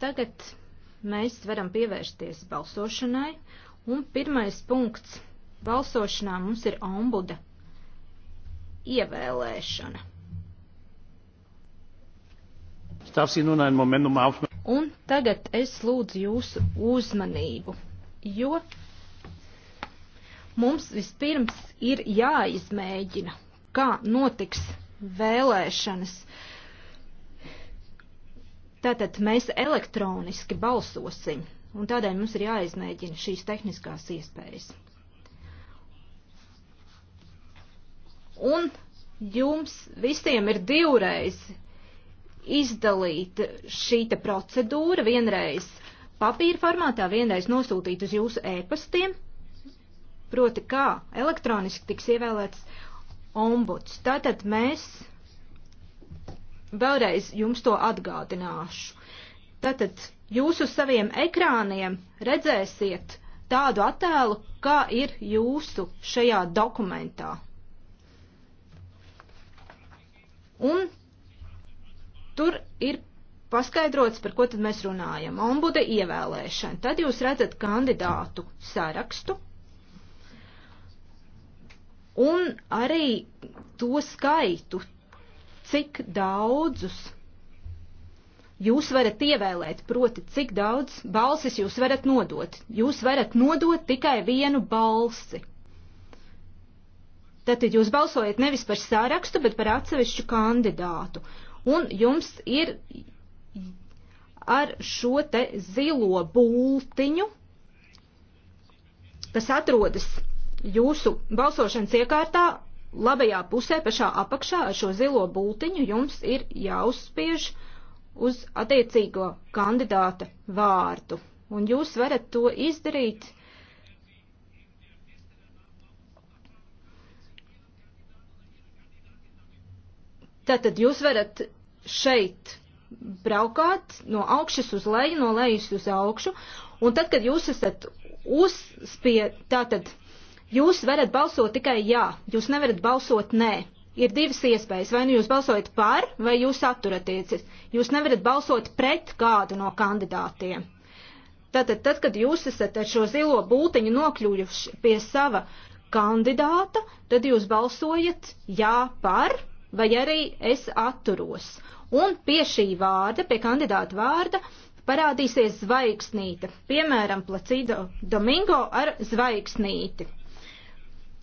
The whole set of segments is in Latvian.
Tagad mēs varam pievērsties balsošanai, un pirmais punkts balsošanā mums ir ombuda ievēlēšana. Um un tagad es lūdzu jūsu uzmanību, jo mums vispirms ir jāizmēģina, kā notiks vēlēšanas. Uh, Tātad mēs elektroniski balsosim, un tādēļ mums ir jāizmēģina šīs tehniskās iespējas. Un jums visiem ir divreiz izdalīta šī te procedūra, vienreiz papīra formātā, vienreiz nosūtīt uz jūsu ēpastiem, proti kā elektroniski tiks ievēlēts ombuds. Tātad mēs Vēlreiz jums to atgādināšu. Tātad jūs uz saviem ekrāniem redzēsiet tādu attēlu, kā ir jūsu šajā dokumentā. Un tur ir paskaidrots, par ko tad mēs runājam. Ombuda ievēlēšana. Tad jūs redzat kandidātu sarakstu un arī to skaitu, cik daudzus jūs varat ievēlēt, proti, cik daudz balsis jūs varat nodot. Jūs varat nodot tikai vienu balsi. Tātad jūs balsojat nevis par sārakstu, bet par atsevišķu kandidātu. Un jums ir ar šo te zilo būltiņu, kas atrodas jūsu balsošanas iekārtā, labajā pusē, pašā apakšā ar šo zilo būtiņu jums ir jāuzspiež uz attiecīgo kandidāta vārdu. Un jūs varat to izdarīt Tātad jūs varat šeit braukāt no augšas uz leju, no lejas uz augšu, un tad, kad jūs esat uzspie, tātad Jūs varat balsot tikai jā, jūs nevarat balsot nē. Ir divas iespējas, vai nu jūs balsojat par, vai jūs atturatieties. Jūs nevarat balsot pret kādu no kandidātiem. Tātad, tad, kad jūs esat ar šo zilo būtiņu nokļuvuši pie sava kandidāta, tad jūs balsojat jā par, vai arī es atturos. Un pie šī vārda, pie kandidāta vārda, parādīsies zvaigznīte, piemēram, Placido Domingo ar zvaigznīti.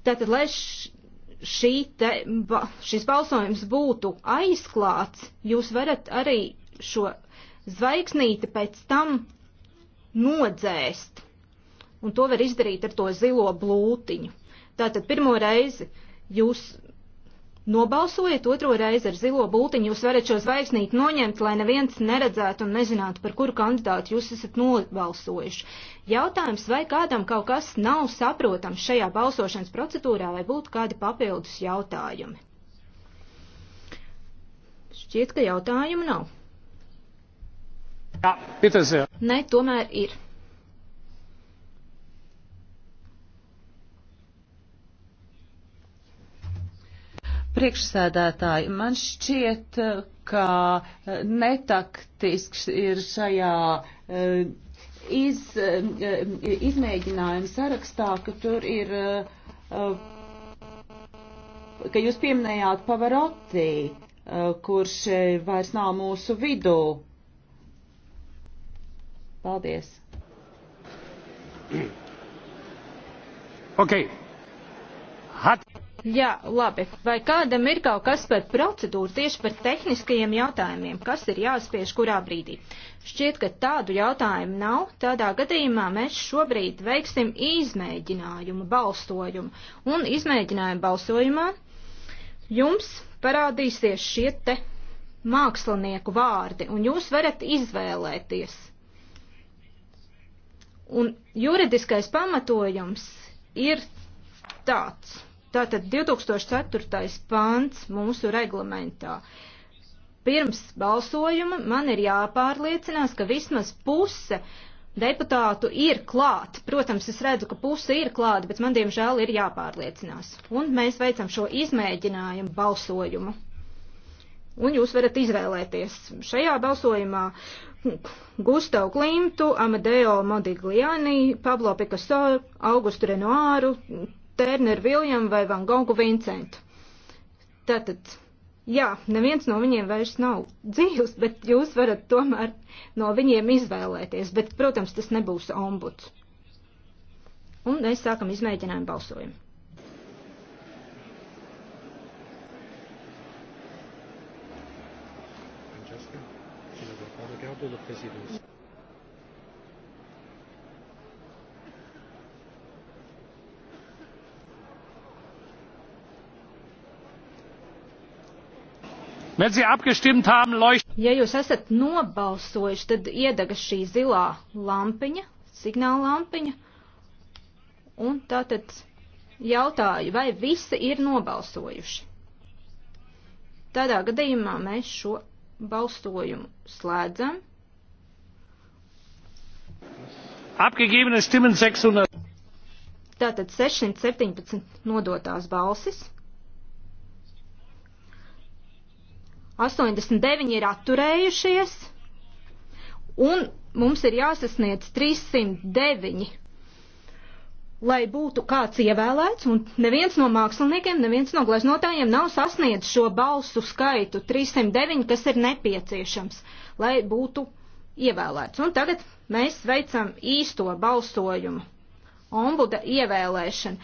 Tātad, lai šī te, šis balsojums būtu aizklāts, jūs varat arī šo zvaigznīti pēc tam nodzēst. Un to var izdarīt ar to zilo blūtiņu. Tātad pirmo reizi jūs Nobalsojiet otro reizi ar zilo bultiņu, jūs varat šo zvaigznīti noņemt, lai neviens neredzētu un nezinātu, par kuru kandidātu jūs esat nobalsojuši. Jautājums, vai kādam kaut kas nav saprotams šajā balsošanas procedūrā, vai būtu kādi papildus jautājumi? Šķiet, ka jautājumu nav. Jā, pitas, jā. Nē, tomēr ir. Priekšsēdētāji, man šķiet, ka eh, netaktisks ir šajā eh, iz, eh, izmēģinājuma sarakstā, ka tur ir, ka jūs pieminējāt Pavarotti, kurš vairs nav mūsu vidū. Paldies! Okay. Jā, labi. Vai kādam ir kaut kas par procedūru, tieši par tehniskajiem jautājumiem, kas ir jāspiež kurā brīdī? Šķiet, ka tādu jautājumu nav. Tādā gadījumā mēs šobrīd veiksim izmēģinājumu balsojumu. Un izmēģinājumu balsojumā jums parādīsies šie te mākslinieku vārdi, un jūs varat izvēlēties. Un juridiskais pamatojums ir tāds. Tātad 2004. pants mūsu reglamentā. Pirms balsojuma man ir jāpārliecinās, ka vismaz puse deputātu ir klāt. Protams, es redzu, ka puse ir klāt, bet man diemžēl ir jāpārliecinās. Un mēs veicam šo izmēģinājumu balsojumu. Un jūs varat izvēlēties šajā balsojumā Gustavu Klimtu, Amadeo Modigliani, Pablo Picasso, Augustu Renoāru, Turneru Viljamu vai Van Gongu Vincentu. Tātad, jā, neviens no viņiem vairs nav dzīvs, bet jūs varat tomēr no viņiem izvēlēties, bet, protams, tas nebūs ombuds. Un mēs sākam izmēģinājumu balsojumu. Francesca, tu ne vois pas, regarde le président. Ja jūs esat nobalsojuši, tad iedegas šī zilā lampiņa, signāla lampiņa, un tātad jautāju, vai visi ir nobalsojuši. Tādā gadījumā mēs šo balsojumu slēdzam. Apgegebenes stimmen 600. Tātad 617 nodotās balsis. 89 ir atturējušies, un mums ir jāsasniedz 309, lai būtu kāds ievēlēts, un neviens no māksliniekiem, neviens no gleznotājiem nav sasniedz šo balsu skaitu 309, kas ir nepieciešams, lai būtu ievēlēts. Un tagad mēs veicam īsto balsojumu ombuda ievēlēšana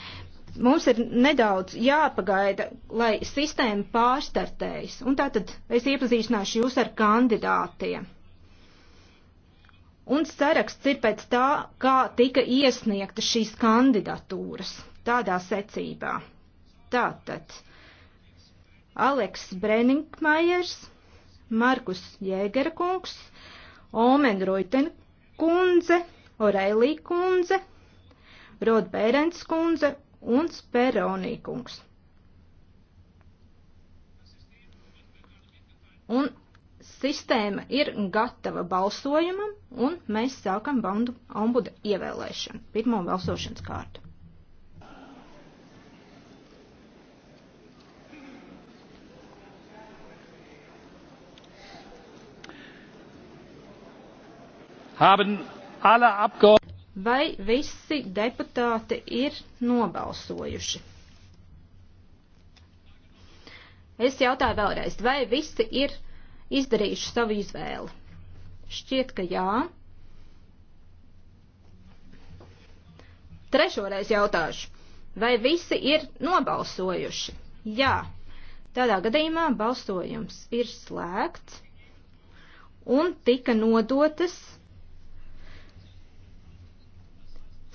mums ir nedaudz jāpagaida, lai sistēma pārstartējas. Un tātad es iepazīstināšu jūs ar kandidātiem. Un saraksts ir pēc tā, kā tika iesniegta šīs kandidatūras tādā secībā. Tātad Aleks Brenningmajers, Markus Jēgerakungs, Omen Ruiten kundze, Orelī kundze, Rodbērens kundze un Speronīkungs. Un sistēma ir gatava balsojumam, un mēs sākam bandu ombuda ievēlēšanu, pirmo balsošanas kārtu. Haben alle Abgeordneten Vai visi deputāti ir nobalsojuši? Es jautāju vēlreiz, vai visi ir izdarījuši savu izvēli? Šķiet, ka jā. Trešoreiz jautāšu, vai visi ir nobalsojuši? Jā. Tādā gadījumā balsojums ir slēgts un tika nodotas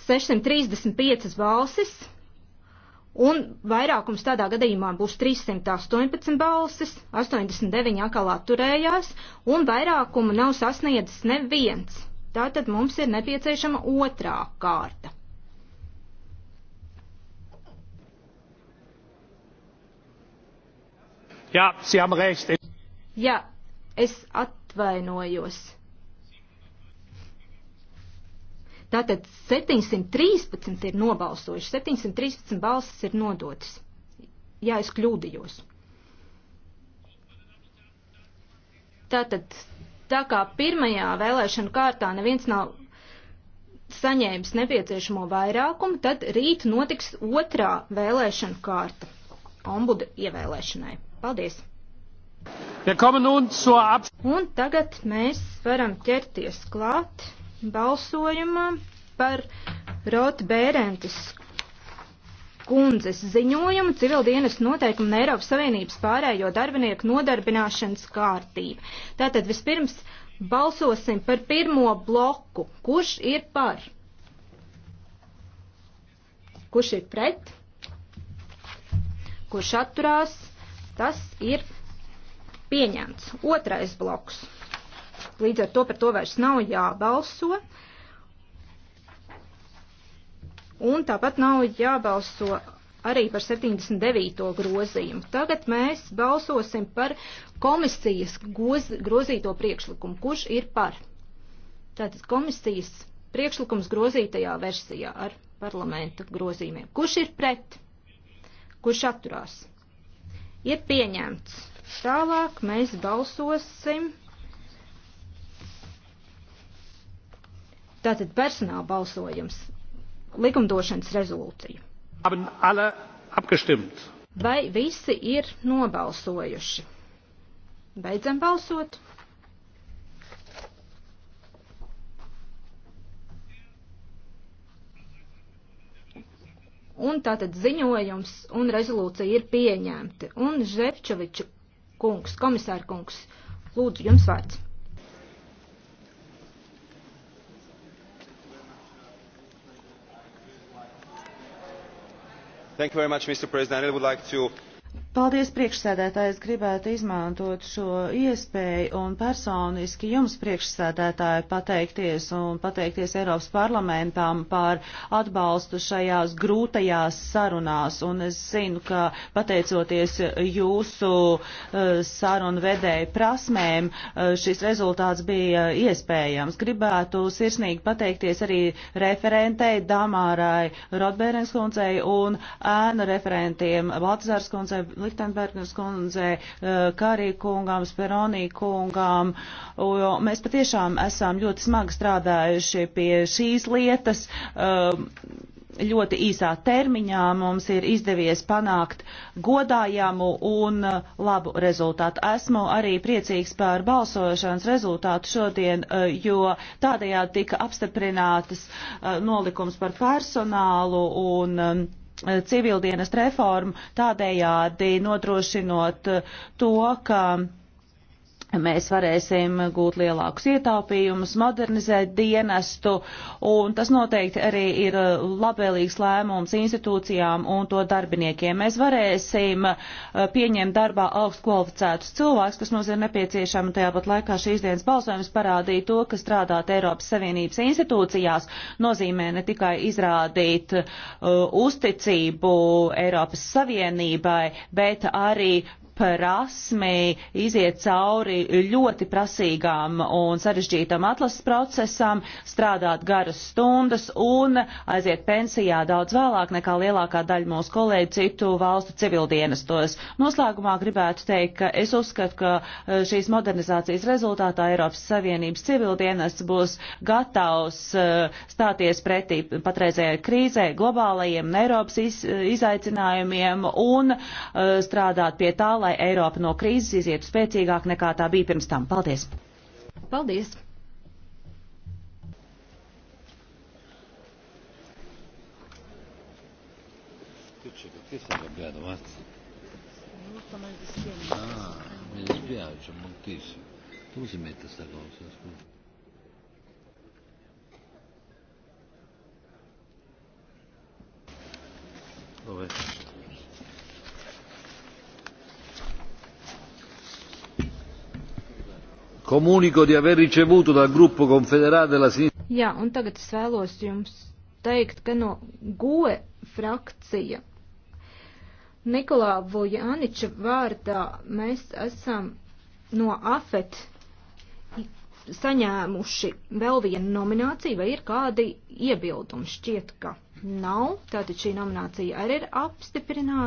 635 balsis, un vairākums tādā gadījumā būs 318 balsis, 89 atkal atturējās, un vairākumu nav sasniedzis neviens. Tātad mums ir nepieciešama otrā kārta. Jā, Sie haben recht. Jā, es atvainojos. Tātad 713 ir nobalsojuši, 713 balsis ir nodotas. Jā, es kļūdījos. Tātad, tā kā pirmajā vēlēšana kārtā neviens nav saņēmis nepieciešamo vairākumu, tad rīt notiks otrā vēlēšana kārta ombuda ievēlēšanai. Paldies! Un tagad mēs varam ķerties klāt balsojumā par Rotbērentas kundzes ziņojumu civildienas noteikumu un Eiropas Savienības pārējo darbinieku nodarbināšanas kārtību. Tātad vispirms balsosim par pirmo bloku. Kurš ir par? Kurš ir pret? Kurš atturās? Tas ir pieņemts. Otrais bloks. Līdz ar to par to vairs nav jābalso. Un tāpat nav jābalso arī par 79. grozījumu. Tagad mēs balsosim par komisijas goz, grozīto priekšlikumu. Kurš ir par? Tātad komisijas priekšlikums grozītajā versijā ar parlamenta grozījumiem. Kurš ir pret? Kurš atturās? Ir pieņemts. Tālāk mēs balsosim Tātad personāla balsojums. Likumdošanas rezolūcija. Vai visi ir nobalsojuši? Beidzam balsot. un tātad ziņojums un rezolūcija ir pieņemti. Un Ževčoviča kungs, komisāra kungs, lūdzu jums vārds. Much, Mr. President. I would like to Paldies, priekšsēdētāji. Es gribētu izmantot šo iespēju un personiski jums, priekšsēdētāji, pateikties un pateikties Eiropas parlamentam par atbalstu šajās grūtajās sarunās. Un es zinu, ka pateicoties jūsu eh, sarunu vedēju prasmēm, eh, šis rezultāts bija iespējams. Gribētu sirsnīgi pateikties arī referentei Damārai Rodbērenskundzei un ēnu referentiem Baltazārskundzei Liktenbergnas kundzē, eh, Kārī kungām, Speronī kungām. Mēs patiešām esam ļoti smagi strādājuši pie šīs lietas. Eh, ļoti īsā termiņā mums ir izdevies panākt godājamu un labu rezultātu. Esmu arī priecīgs par balsošanas rezultātu šodien, eh, jo tādējādi tika apstiprinātas nolikums par personālu un civildienas reformu, tādējādi nodrošinot to, ka mēs varēsim gūt lielākus ietaupījumus, modernizēt dienestu, un tas noteikti arī ir labvēlīgs lēmums institūcijām un to darbiniekiem. Mēs varēsim uh, pieņemt darbā augstu kvalificētus cilvēkus, kas mums ir nepieciešami, un tajāpat laikā šīs dienas balsojums parādīja to, ka strādāt Eiropas Savienības institūcijās nozīmē ne tikai izrādīt uh, uzticību Eiropas Savienībai, bet arī prasmi iziet cauri ļoti prasīgām un sarežģītam atlases procesam, strādāt garas stundas un aiziet pensijā daudz vēlāk nekā lielākā daļa mūsu kolēģu citu valstu civildienestos. Noslēgumā gribētu teikt, ka es uzskatu, ka e, šīs modernizācijas rezultātā Eiropas Savienības civildienests būs gatavs e, stāties pretī patreizējai krīzē, globālajiem Eiropas iz, e, izaicinājumiem un strādāt pie tā, lai lai Eiropa no krīzes izietu spēcīgāk nekā tā bija pirms tam. Paldies! Paldies! Perché sei arrabbiato, Mazza? Molto mal di schiena. Ah, mi dispiace moltissimo. Dove si mette sta cosa, scusa? Dov'è? Komuniko di aver ricevuto dal gruppo konfederāte della sinistra. Jā, un tagad es vēlos jums teikt, ka no GOE frakcija Nikolā Vojaniča vārdā mēs esam no AFET saņēmuši vēl vienu nomināciju, vai ir kādi iebildumi? Šķiet, ka nav. Tātad šī nominācija arī ir apstiprināta.